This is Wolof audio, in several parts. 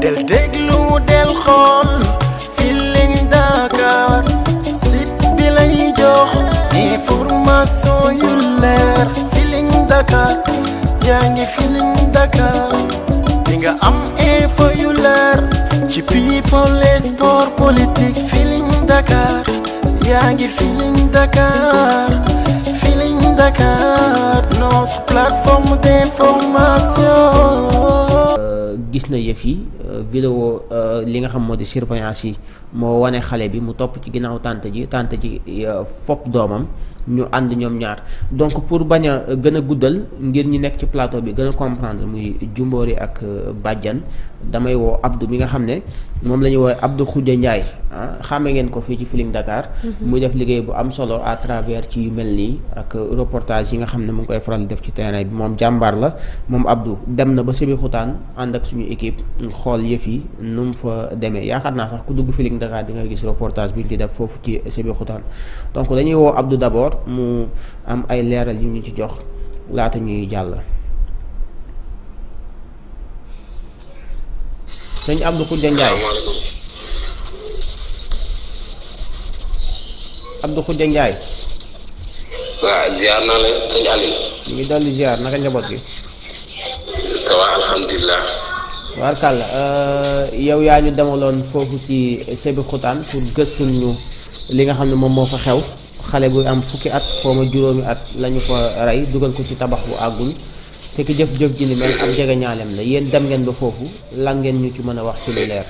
del déglu del xool Feeling Dakar site bi lay jox information yu leer Feeling Dakar yaa ngi Feeling Dakar nga am yu leer ci people et sport politique Feeling Dakar yaa ngi Feeling Dakar gis na yëf yi euh, vidéo euh, li nga xam moo di surveillance yi moo wane xale bi mu topp ci ginnaaw tànt ji tànt ji euh, fopp doomam ñu ànd ñoom ñaar donc pour bañ a gën a guddal ngir ñi nekk ci plateau bi gën a comprendre muy Jumboori ak euh, bàjjan damay woo Abdou mi nga xam ne moom la ñuy woowee Abdou Khoudia Ndiaye ah xàmme ngeen ko fii ci Feeling Dakar. Mhm. muy def liggéey bu am solo à travers ci yu mel nii ak euh, reportage yi nga xam ne mu ngi koy faral def ci terrain bi moom jàmbaar la moom Abdou dem na ba Sébikotane ànd ak suñu équipe xool yëf yi nu mu fa demee yaakaar naa sax ku dugg Feeling Dakar di nga gis reportage bi ci def foofu ci Sébikotane donc mu am ay leeral yu ñu ci jox laata ñuy jàll. sëñ Abdou Khoudia Ndiaye Abdou Khoudia Ndiaye. waaw ziar naa leen sëñ ngi dolli ziar naka njaboot gi. ça va alhamdulilah. Barkalla euh, yow yaa ñu demaloon foofu ci Sébikotane pour gëstul ñu li nga xam ne moom moo fa xew. xale buy am fukki at xaw ma juróomi at lañu ko rey dugal ko ci tabax bu àggul te ki jëf-jëf ji ni mel ab jege ñaalem la yéen dem ngeen ba foofu lan ngeen ñu ci mën a wax ci lu leer.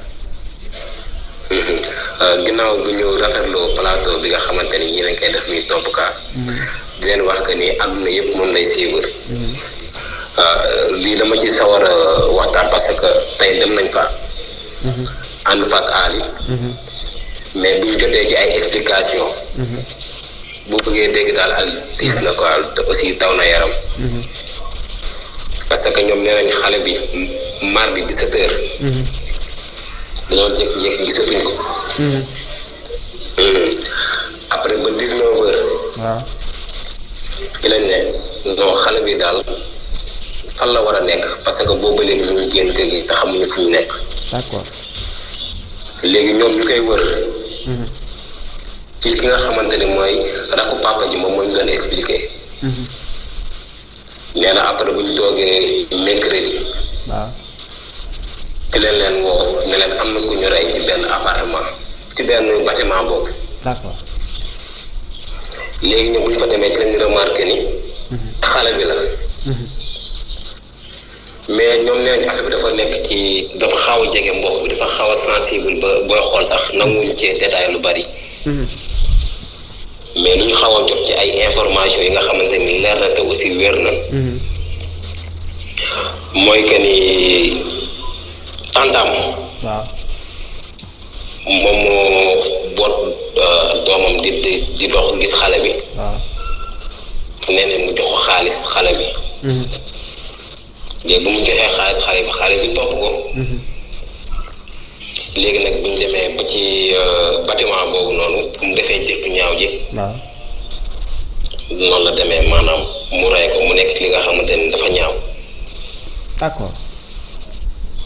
Ah, ginnaaw bi ñu rafetloo plateau bi nga xamante ni yéen a koy def muy topp kaa. Mm. di leen wax que ni àdduna yëpp moom lay suivre. Mm. Ah, lii dama ci sawar a waxtaan parce que tey dem nañ fa. Mm-hmm. ànd fa ak mm-hmm. mais buñ jotee ci ay explication mm-hmm. boo bëggee dégg daal al tiis na quoi te aussi daw na yaram. Mhm. parce que ñoom nee nañ xale bi mar bi 17 heures. Mhm. dañoo jékki-jékki gisatuñ ko. Mhm. Hmm. après ba 19 heures. waaw. ci lañ ne non xale bi daal fan la war a nekk parce que boobu léegi ñu ngi génn kër gi te xamuñu fu ñu nekk. d'accord. léegi ñoom ñu koy wër. ci ki nga xamante ni mooy rakku papa ji moom mooy gën a expliqué. Mm-hmm. nee bu ñu toogee mercredi. waaw. ci leen leen woo ne am na ku ñu rey ci benn appartement ci benn bâtiment boobu. d'accord. léegi ñoom bu ni. Mm-hmm. xale bi la. Mm-hmm. ñoom nee dafa nekk ci dafa xaw a jege mbokk bi dafa xaw a sensible ba booy xool sax nanguwuñ cee détail lu bari. mais lu ñu xaw a jot ci ay information yi nga xamante ni leer na te aussi wér na mhm. mooy que ni tantam waaw moom moo boot euh, doomam di di dox gis xale bi waaw nee mu jox ko xaalis xale bi mhm. léegi mu joxee xaalis xale bi xale bi topp ko mhm. léegi nag bi ñu demee ba ci euh, bâtiment boobu noonu bu mu defee jëf ñaaw ji. waaw noonu la demee maanaam mu rey ko mu nekk li nga xamante ni dafa ñaaw. d'accord.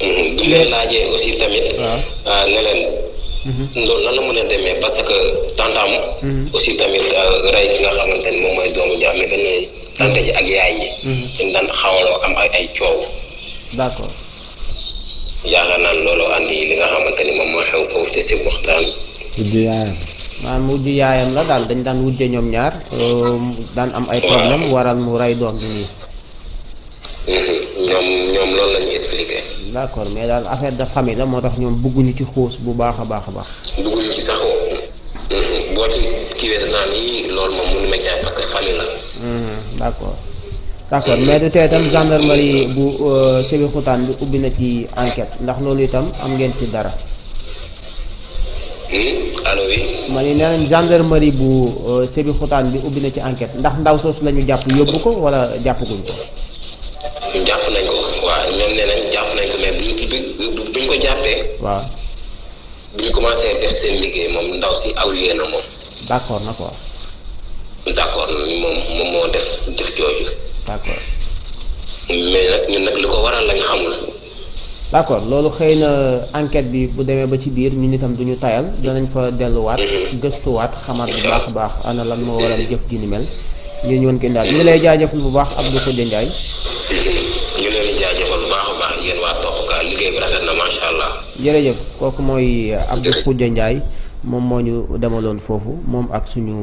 Mm-hmm. bu leen laajee aussi tamit. waaw euh, ne leen. Mm-hmm. loolu lan la mën a demee parce que tantam mm-hmm. aussi tamit euh, rey ki nga xamante ni moom mooy doomu jaam mais dañuy ji ak yaay yi. dañ daan xawaloo am ay ay coow. d'accord. yaakaar naa looloo andi li nga xamante moom moo xew foofu te si waxtaan. wujj yaayam maanaam wujj yaayam la daal dañ daan wujje ñoom ñaar um, daan am ay problème waral mu rey doom bi nii. Mm-hmm. ñoom ñoom loolu la ñu expliqué. mais daal affaire de famille la moo tax ñoom bugguñu ci xuus bu baax a baax a baax. bugguñu ci sax mm-hmm. boo ci kiiwee naa ni loolu moom mënu ma jaay parce que la. Mm-hmm. d' d'accord mais du tee itam gendarmerie bu euh, Sébikotane bi ubbi na ci enquête ndax loolu itam am ngeen ci dara. Hmm? allo oui. ma ne nee nañ gendarmerie bu euh, Sébikotane bi ubbi na ci enquête ndax ndaw soosu la jàpp yóbbu ko wala jàppaguñ ko. jàpp nañ ko waaw ñoom nee nañ jàpp nañ ko mais buñ ko buñ ko jàppee. waaw. buñ commencé def seen liggéey moom ndaw si aw yéen na moom. d'accord na quoi. d'accord moom moom moo def def jooju. d'accord. loolu xëy na enquête bi bu demee ba ci biir ñun itam duñu tayal danañ fa delluwaat. Mhm. gëstuwaat xamaat bu baax a mhm. baax ana lan moo waral jëf ji mel. ñu ñëwoon kenn daal ñu lay jaajëfal bu baax Abdou Khoudia mhm. ñu leen di jaajëfal baax a baax yéen waa liggéey bi rafet na macha allah. jërëjëf kooku mooy Abdou Khoudia moom moo ñu demaloon foofu moom ak suñu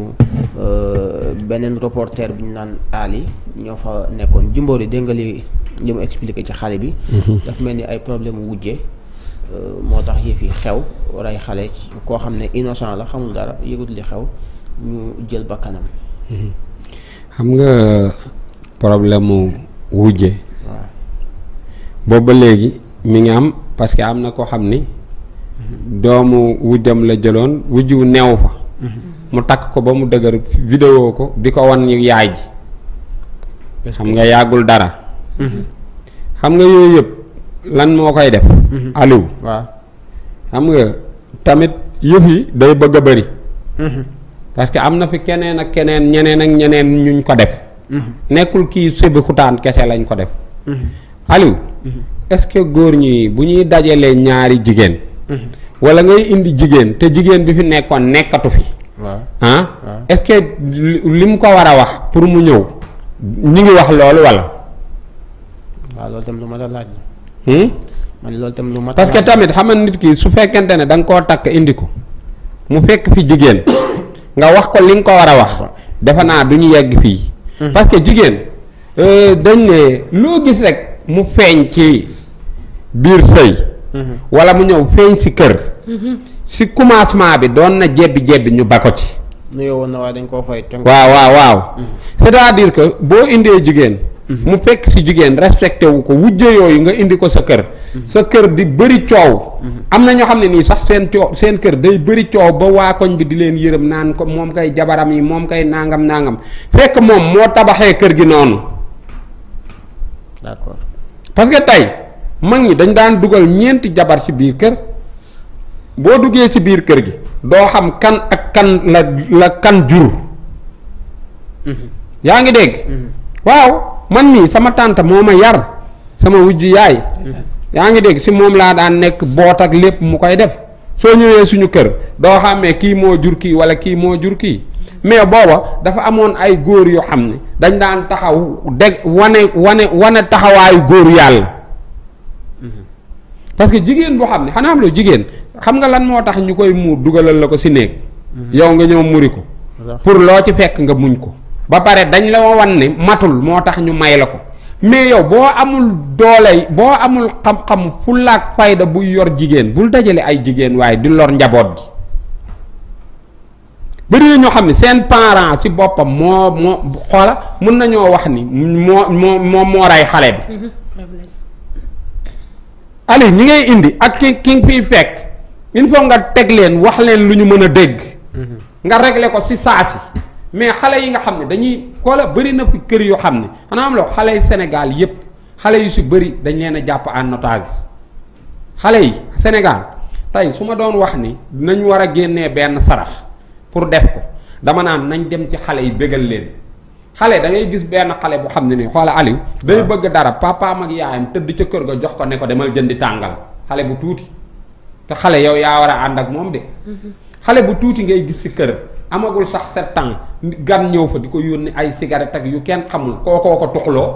euh, beneen reporter bi ñu naan Ali ñoo fa nekkoon jimboor yi dégg nga li li mu ci xale bi. Mm-hmm. dafa mel ni ay problème wujje euh, moo tax yëf fi xew ay xale koo xam ne innocent la xamul dara yëgut li xew ñu jël ba kanam. Mm-hmm. xam nga problème mu wujje. waaw boobu léegi mi ngi am parce que am na koo xam ni. doomu wujjam la jëloon wujju neew fa mm-hmm. mu takk ko ba mu dëgër vidéo ko di ko won yaay ji xam nga yàggul dara mm-hmm. xam nga yooyu yëpp lan moo koy def mm-hmm. Aliou waaw xam nga tamit yëf yi day bëgg a bëri parce que am na fi keneen ak keneen ñeneen ak ñeneen ñuñ ko def nekkul kii sébi xutaan kese lañ ko def Aliou est góor ñi bu ñuy dajalee ñaari jigéen Mm-hmm. wala ngay indi jigéen te jigéen bi fi nekkoon nekkatu fi. waaw ah. est li mu ko war a wax pour mu ñëw ñu ngi wax loolu wala. waaw tam lu mat a laaj. Hmm? man loolu tam lu mat parce que tamit xam nit ki su fekkente ne danga koo takk indi ko mu fekk fi jigéen nga wax ko li nga ko war a wax defe naa du ñu yegg fii. Mm-hmm. parce que jigéen euh, dañ ne loo gis rek mu feeñ ci biir sëy. Mhm. wala mu ñëw feeñ si kër. si mhm. commencement bi doon na jebbi jebbi ñu ba ko ci. nuyoo woon na dañ koo fay. waaw waaw waaw. Mhm. c'est-à-dire que boo indee jigéen. mu fekk si jigéen respecté wu ko wujje yooyu nga indi ko sa kër. sa kër di bëri coow. am na ñoo xam ne nii sax seen coow seen kër day bëri coow ba waa koñ bi di leen yërëm naan ko moom kay jabaram yi moom kay nangam nangam fekk moom moo tabaxee kër gi noonu. d'accord tey. mag ñi dañ daan dugal ñeenti jabar ci biir kër boo duggee ci biir kër gi doo xam kan ak kan la la kan jur mm-hmm. yaa ngi dégg mm-hmm. waaw man nii sama tante moo ma yar sama wujju yaay yaa ngi dégg si moom laa daan nekk boot ak lépp mu koy def soo ñëwee suñu kër doo xàmmee kii moo jur kii wala kii moo jur kii mais booba dafa amoon ay góor yoo xam ne dañ daan taxaw deg wane wane wane taxawaayu góor yàlla parce que jigéen bu xam ne xanaa am lu jigéen xam nga lan moo tax ñu koy muur dugalal la ko si néeg mm-hmm. yow nga ñëw muri ko pour loo ci fekk nga muñ ko ba pare dañ la wan ne matul moo tax ñu may la ko mais yow boo amul doole boo amul xam-xam fulaak fayda buy yor jigéen bul dajale ay jigéen waaye di lor njaboot gi bëri na ñoo xam ne seen parent si boppam moo moo xoola mën nañoo wax ni moo moo moom moo rey xale bi mm-hmm. Ali ñi ngay indi ak ki ki fi fekk il faut nga teg leen wax leen lu ñu mën a dégg. Mhm. nga regle ko si saa si mais xale yi nga xam ne dañuy koola bari na fi kër yoo xam ne xanaa am loo xale yi Sénégal yépp xale yu si bëri dañ leen a jàpp en otage xale yi senegal tey su ma doon wax ni nañ war a génnee benn sarax pour def ko dama naan nañ dem ci xale yi bégal leen. xale dangay gis benn xale bu xam ne nii xoola Aliou. day bëgg dara papaam ak yaayam tëdd ca kër ga jox ko ne ko demal jëndi tàngal xale bu tuuti te xale yow yaa war a ànd ak moom de. Mm-hmm. xale bu tuuti ngay gis si kër amagul sax sept ans gan ñëw fa di ko yónni ay cigarette ak yu kenn xamul koo ko tuxloo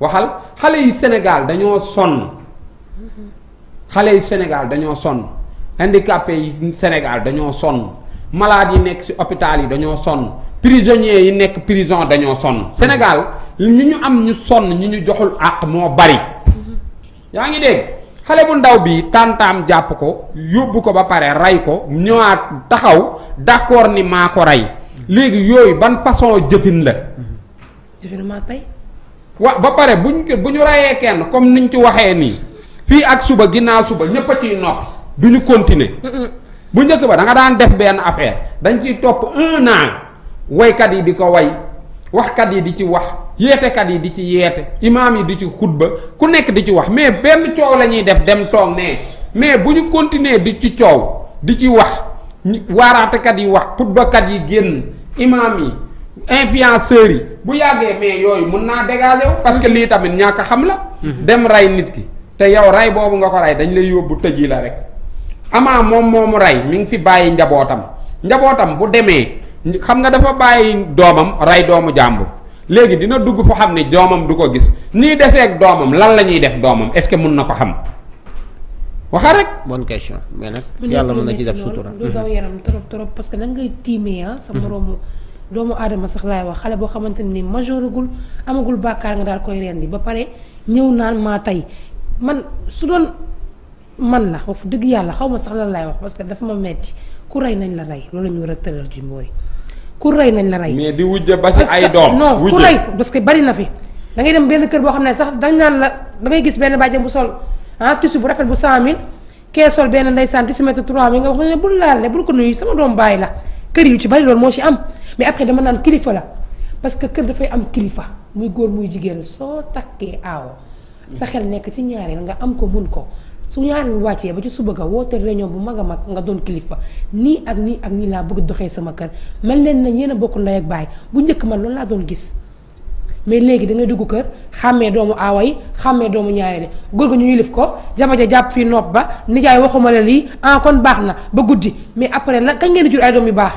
waxal xale yi Sénégal dañoo sonn mm-hmm. xale yi senegal dañoo sonn handicapé yi Sénégal dañoo sonn malade yi nekk ci hôpital yi dañoo sonn. prisonniers yi nekk prison dañoo sonn Sénégal ñi ñu am ñu sonn ñi ñu joxul àq moo bari yaa ngi dégg xale bu ndaw bi tàntam jàpp ko yóbbu ko ba pare rey ko ñëwaat taxaw d'accord ni maa ko rey léegi yooyu ban façon jëfin la jëfin maa wa ba pare buñ bu ñu reyee kenn comme niñ ci waxee nii fii ak suba ginnaaw suba ñépp a ciy nopp duñu ñu continuer bu njëkk ba danga daan def benn affaire dañ ciy topp un an woykat yi di ko way waxkat yi di ci wax yéetekat yi di ci yeete imaam yi di ci xutba ku nekk di ci wax mais benn coow la ñuy def dem toog ne mais bu ñu continuer di ci coow di ci wax waaraatekat yi wax xutbakat yi génn imaam yi influenceurs yi bu yàggee mais yooyu mun naa dégager parce que lii tamit ñàkk xam la mhm. dem rey nit ki te yow rey boobu nga ko rey dañ lay yóbbu tëj yi la rek amaa moom moomu rey mi ngi fi bàyyi njabootam njabootam bu demee xam nga dafa bàyyi doomam rey doomu jàmbur léegi dina dugg foo xam ne doomam du ko gis nii deseeg doomam lan la ñuy def doomam est-ce que mun na ko xam waxa rek. bonne question mais nag yàlla mën na ci def sutura. lu daw yaram trop parce que nan ngay tiimee ah. sa mm-hmm. moroomu doomu aadama sax laay wax xale boo xamante ni majooragul amagul bàkkaar nga daal koy rendi ba pare ñëw naan maa tey man su doon. man la wax dëgg yàlla xaw ma sax lan laay wax parce que dafa ma metti ku rey nañ la rey loolu la ñu war a tëral ci mbooy ku rey nañ la rey. mais di wujje ba ci ay doom non ku rey parce que bari na fi. dangay dem benn kër boo xam ne sax dañ naan la da ngay gis benn bàjjen bu sol ah tissu bu rafet bu 100000 kee sol benn ndeysaan tissu mètre 3000 nga wax ne bul laale bul ko nuyu sama doom bàyyi la kër yu ci bari loolu moo ci am mais après dama naan kilifa la parce que kër dafay am kilifa muy góor muy jigéen soo takkee aaw sa xel nekk ci ñaareel nga am ko mun ko. su ñaan wàccee ba ci suba woo woote reño bu mag a mag nga doon kilifa nii ak nii ak nii laa bëgg doxee sama kër man leen na yéen a bokk ndey ak baay bu njëkk ma loolu laa doon gis mais léegi da ngay dugg kër xàmmee doomu aawa yi xàmmee doomu ñaareel yi góor ga ñu yilif ko jaba ja jàpp fii nopp ba nijaay waxuma la lii ah kon baax na ba guddi mais après la kañ ngeen di jur ay doom yu baax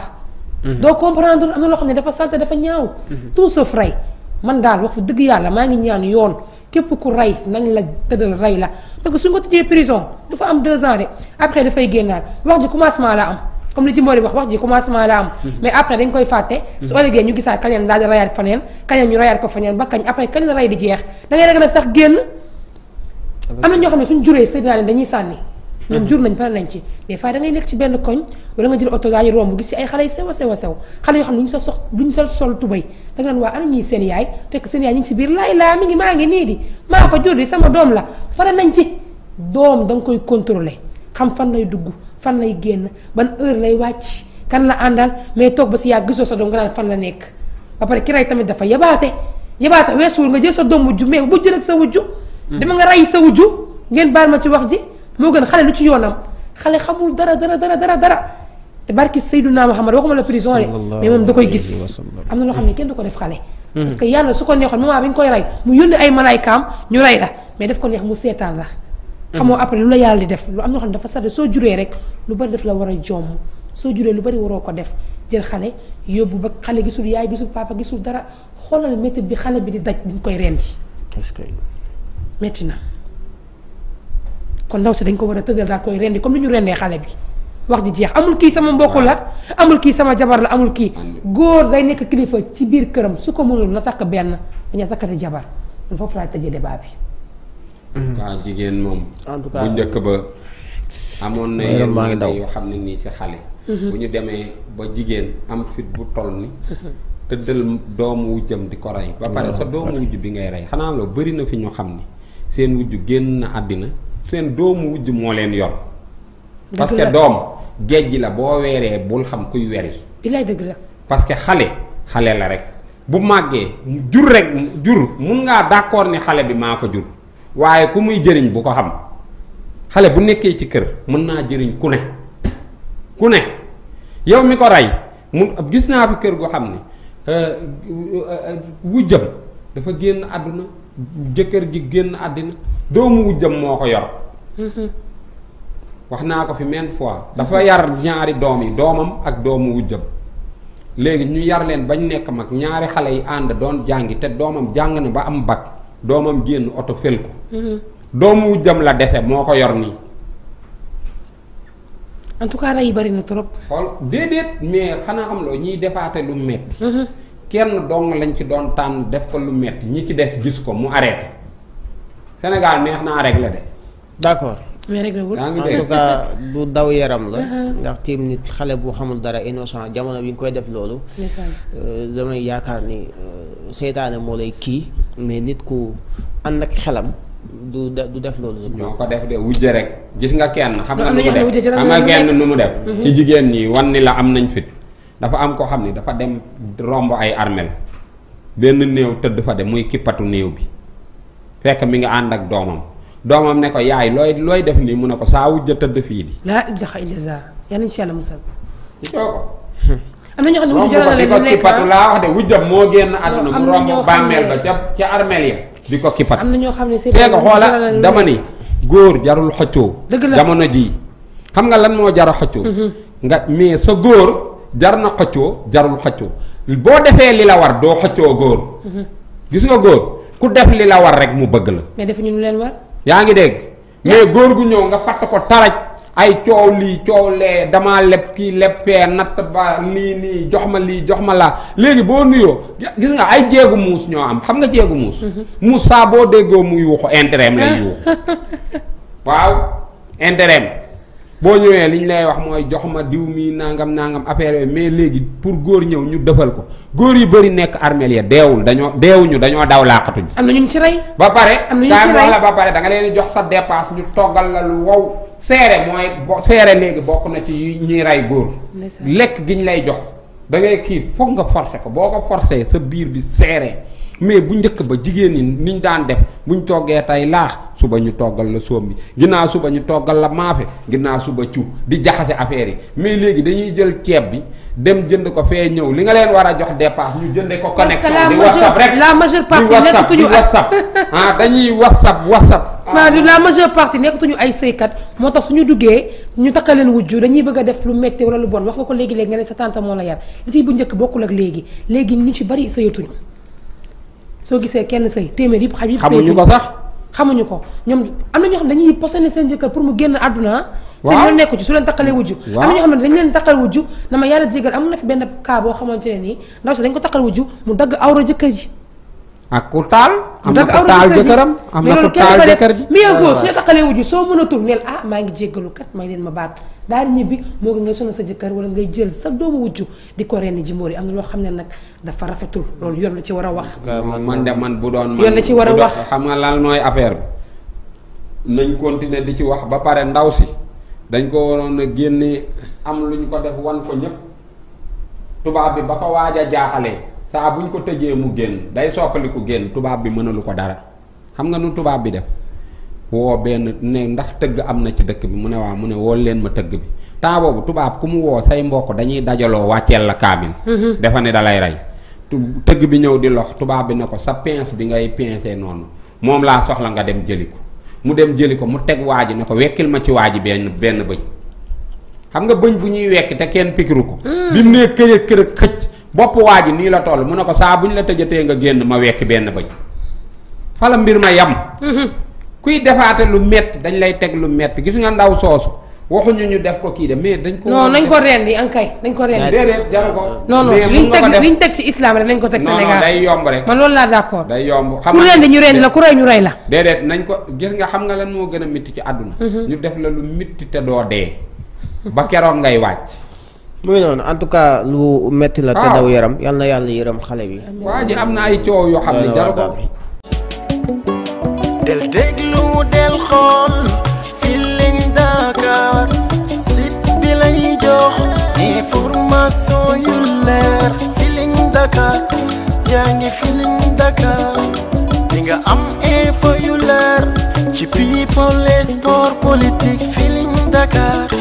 mhm. doo comprendre am na loo xam ne dafa salte dafa ñaaw mhm. tout sauf rey man daal wax fa dëgg yàlla maa ngi ñaan yoon képp ku rey nañ la tëddal rey la parce que suñ ko prison du fa am deux ans de après dafay génnaat wax ji commencement la am comme li ci Mori wax wax ji commencement la am. Mm-hmm. mais après dañ koy fàtte. Mm-hmm. su ëllëgee ñu gisaat kañ daal di rayaat faneen kañ ñu rayaat ko faneen ba kañ après kañ la rey di jeex da ngay ragal sax génn. Ah, am na ñoo xam ne suñ juree sëy naa leen dañuy sànni. ñoom jur nañ pare nañ ci des fois da nekk ci benn koñ wala nga jël oto yaay romb a sew a sew xale yoo xam ne lu ñu sa sox lu ñu sa sol tubay da nga naan waa ana ñii di maa ko jur di nañ ci doom da koy contrôler xam fan lay dugg fan lay génn ban heure lay wàcc kan la àndal mais toog ba si yàgg gisoo sa doom nga naan fan la nekk ba pare ki rey tamit dafa yabaate yabaate weesuwul nga jël sa doom wujju mais bu jël ak sa wujju hmm. dama nga rey sa wujju ngeen baal ma ci wax ji moo gën xale lu ci yoonam xale xamul dara dara dara dara dara te barki Seydunaa Muhammad waxuma la prison de mais moom da koy gis am na loo xam ne kenn du ko def xale hmm. parce que yàlla su ko neexoon moment bi ñu koy ay malaaykaam ñu rey mais daf ko neex mu seetaan la hmm. xamoo après lu la yàlla di def lu am na xam dafa sàdd soo juree rek lu bari daf la war a jomm soo juree lu bari waroo ko def jël xale yóbbu ba xale gisul yaay gisul papa gisul dara xoolal métti bi xale bi di daj bi ñu koy rendi metti na kon ndaw si dañ ko war a tëgal daal koy rendi comme ni ñu rendee xale bi wax ji jeex amul kii sama mbokk la amul kii sama jabar la amul kii góor day nekk kilifa ci biir këram su ko mënul na takk benn dañaa takkati jabar man foofu laay tëjee débat bi mm. waaw jigéen njëkk ba amoon na yenn yoo xam ne nii ci xale mm-hmm. bu ñu demee ba jigéen am fit bu toll ni mm-hmm. tëddal doomu wujjam di ko rey ba pare mm-hmm. sa doomu wujj bi ngay rey xanaa la bëri na fi ñu xam ni seen wujj génn na àddina seen doomu wujj moo leen yor. parce que doom géej gi la boo weeree bul xam kuy weri. bilaay dëgg parce que xale xale la rek bu màggee jur rek jur mun ngaa d'accord ni xale bi maa ko jur waaye ku muy jëriñ bu ko xam xale bu nekkee ci kër mën naa jëriñ ku ne ku ne yow mi ko rey mu gis naa fi kër goo xam ne euh, euh, wujjam dafa génn àdduna jëkkër ji génn àddina doomu wujjam moo ko yor. wax naa ko fi maintes fois. dafa yar ñaari doom yi doomam ak doomu wujjam. léegi ñu yar leen bañ nekk mag ñaari xale yi ànd doon jàngi te doomam jàng na ba am bac doomam génn oto fël ko. doomu wujjam la dese moo ko yor nii. en tout cas yi bari na trop. xool déedéet mais xanaa xam loo ñiy defaate lu metti kenn dong lañ ci doon tànn def ko lu metti ñi ci des gis ko mu arrêté Sénégal neex naa rek la de. d'accord mais rek en du daw yaram la. Uh-huh. ndax tiim nit xale bu xamul dara innocent jamono bi nga koy def loolu. Euh, damay yaakaar ni euh, seytaane moo lay kii mais nit ku ànd ak xelam. du du def loolu. ñoo ko def de wujje rek gis nga kenn xam nga nu mu def ak nga kenn nu mu def. ci jigéen nii wan ni la am nañ fit dafa am ko xam ni dafa dem romb ay armel benn néew tëdd fa de muy kippatu néew bi fekk mi ngi ànd ak doomam. doomam ne ko yaay looy looy def nii mun ne ko saa wujja tëdd fii di. laa ilaha illallah yal nañu si yàlla musal. joo ko. am na xam ne wujju jaral na leen nekk laa wax de wujjam moo génn àdduna mu romb bàmmeel ba ca ca armeel ya di ko kippat am na ñoo xam ne seen ko xoola dama ni góor jarul xëccoo. dëgg la jamono jii xam nga lan moo jar a xëccoo. Mm-hmm. nga mais sa góor jar na xëccoo jarul xëccoo boo defee li la war doo xëccoo góor. Mm-hmm. gis góor ku def li la war rek mu bëgg la. yaa ngi dégg mais góor gu ñëw nga fatt ko taraj ay coow lii coow lee damaa leb kii leb fee natt ba lii nii jox ma lii jox ma laa léegi boo nuyoo gis nga ay jéegu muus ñoo am xam nga jéegu muus mhm. muus saa déggoo mu yuuxu intérêt am lay yuuxu waaw intérêt boo ñëwee li ñu lay wax mooy jox ma diw mii nangam nangam affaire yooyu mais léegi pour góor ñëw ñu defal ko góor yi bëri nekk armeel ya deewul dañoo deewuñu dañoo daw laaxatuñu. am na ñu ci rey. ba pare am la ba pare da nga leen jox sa dépasse ñu toggal la lu wow. seere mooy bo seere léegi bokk na ci ñuy rey góor. lekk gi ñu lay jox da ngay kii foog nga forcer ko boo ko forcer sa biir bi seere. mais bu njëkk ba jigéen ñi ñu daan def bu ñu toggee tey laax suba ñu toggal la soom bi ginnaaw suba ñu toggal la maafe ginnaaw suba cu di jaxase affaire yi mais léegi dañuy jël ceeb bi dem jënd ko fee ñëw li nga leen war a jox dépasse ñu jënde ko connexion di whatsapp rek la majeure partie nekkatuñu whatsapp ah dañuy whatsapp whatsapp ah. waaw la majeure partie nekkatuñu ay sëykat moo tax suñu duggee ñu takka leen wujju dañuy bëgg a def lu metti wala lu bon wax nga ko léegi-léegi nga ne sa tante moo la yar li ci bu njëkk bokkul ak léegi léegi ñu ci bari sëyatuñu soo gisee kenn sëy téeméer yi xam yëpp xamuñu ko sax xamuñu ko ñoom am na ñoo xam ne dañuy posé ne seen jëkkër pour mu génn àdduna ah. seen yoon nekku ci su leen takkalee wujju am na ñoo xam ne dañu leen takkal wujju na ma yàlla jégal am na fi benn cas boo xamante ne nii ndaw si dañ ko takkal wujju mu dagg awra jëkkër ji ak ku taal. am na ku taal jëkkëram am na ku taal jëkkër bi mais su ñu taqalee wujju soo mën a tur neel ah maa ngi jéggalu kat may leen ma baat daal di ñibbi moo ngi ngay sonal sa jëkkër wala ngay jël sa doomu wujju di ko ren jimboor yi am na loo xam ne nag dafa rafetul loolu yoon la ci war a wax. man man de man bu doon. yoon la ci war a wax xam nga lan mooy affaire bi. nañ continuer di ci wax ba pare ndaw si dañ ko waroon a génne am lu ñu ko def won ko ñëpp tubaab bi ba ko waaj a saa ñu ko tëjee mu génn day soppaliku génn tubaab bi mënalu ko dara xam nga nu tubaab bi def woo benn ne ndax tëgg am na ci dëkk bi mu ne waaw mu ne woo leen ma tëgg bi temps boobu tubaab ku mu woo say mbokk dañuy dajaloo wàcceel la kaamil mhm. dafa ne dalay rey tu tëgg bi ñëw di lox tubaab bi ne ko sa pince bi ngay pincé noonu moom laa soxla nga dem jëli ko mu dem jëli ko mu teg waa ji ne ko wekkil ma ci waa ji benn benn bëñ xam nga bëñ bu ñuy wekk te kenn pikiru ko mm. bopp waa ji nii la toll mu ne ko saa bu ñu la tëjatee nga génn ma wekk benn bëñ la mbir ma yam mhm. kuy defaate lu metti dañ lay teg lu metti gis nga ndaw soosu waxuñu ñu def ko kii de mais dañ ko non nañ ko rendi ankay dañ ko rendi déedéet jaru ko non non liñ teg liñ teg ci islam nañ ko teg Sénégal day yomb rek man loolu laa d'accord day yomb xam ku rendi ñu rendi la ku rey ñu rey la déedéet nañ ko gis nga xam nga lan moo gën a mitti ci àdduna mhm. ñu def la lu mitti te doo dee ba keroog ngay wàcc muy noonu en tout cas lu metti la. te ah. yaram yal na yàlla yërëm xale bi. waa ji am na ay coow yoo xam ne jaru del déglu del xool Feeling Dakar site bi lay jox information yu leer Feeling Dakar yaa ngi Feeling Dakar di am info yu leer ci people sport politique Feeling Dakar.